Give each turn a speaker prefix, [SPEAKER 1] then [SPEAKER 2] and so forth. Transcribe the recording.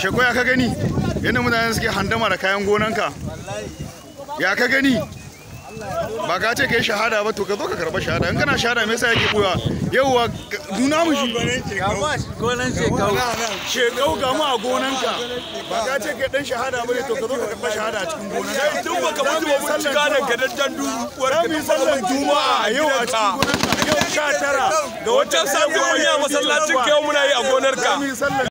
[SPEAKER 1] sheko ya ka gani yadda mutane suke handama da kayan gonanka ya ka gani ba ka ce ka yi shahada ba to ka zo ka karba shahada in kana shahada me yasa yake koya yauwa nuna mu shi
[SPEAKER 2] gonan shekau shekau ga mu a gonanka ba ka ce ka dan shahada ba to ka zo ka karba shahada a cikin gonan ka tun ba ka ba mu cika da gadaddan duwar ka sallar juma'a yau a cikin
[SPEAKER 3] gonan yau 19 ga watan sabuwar masallacin kai muna yi a gonar ka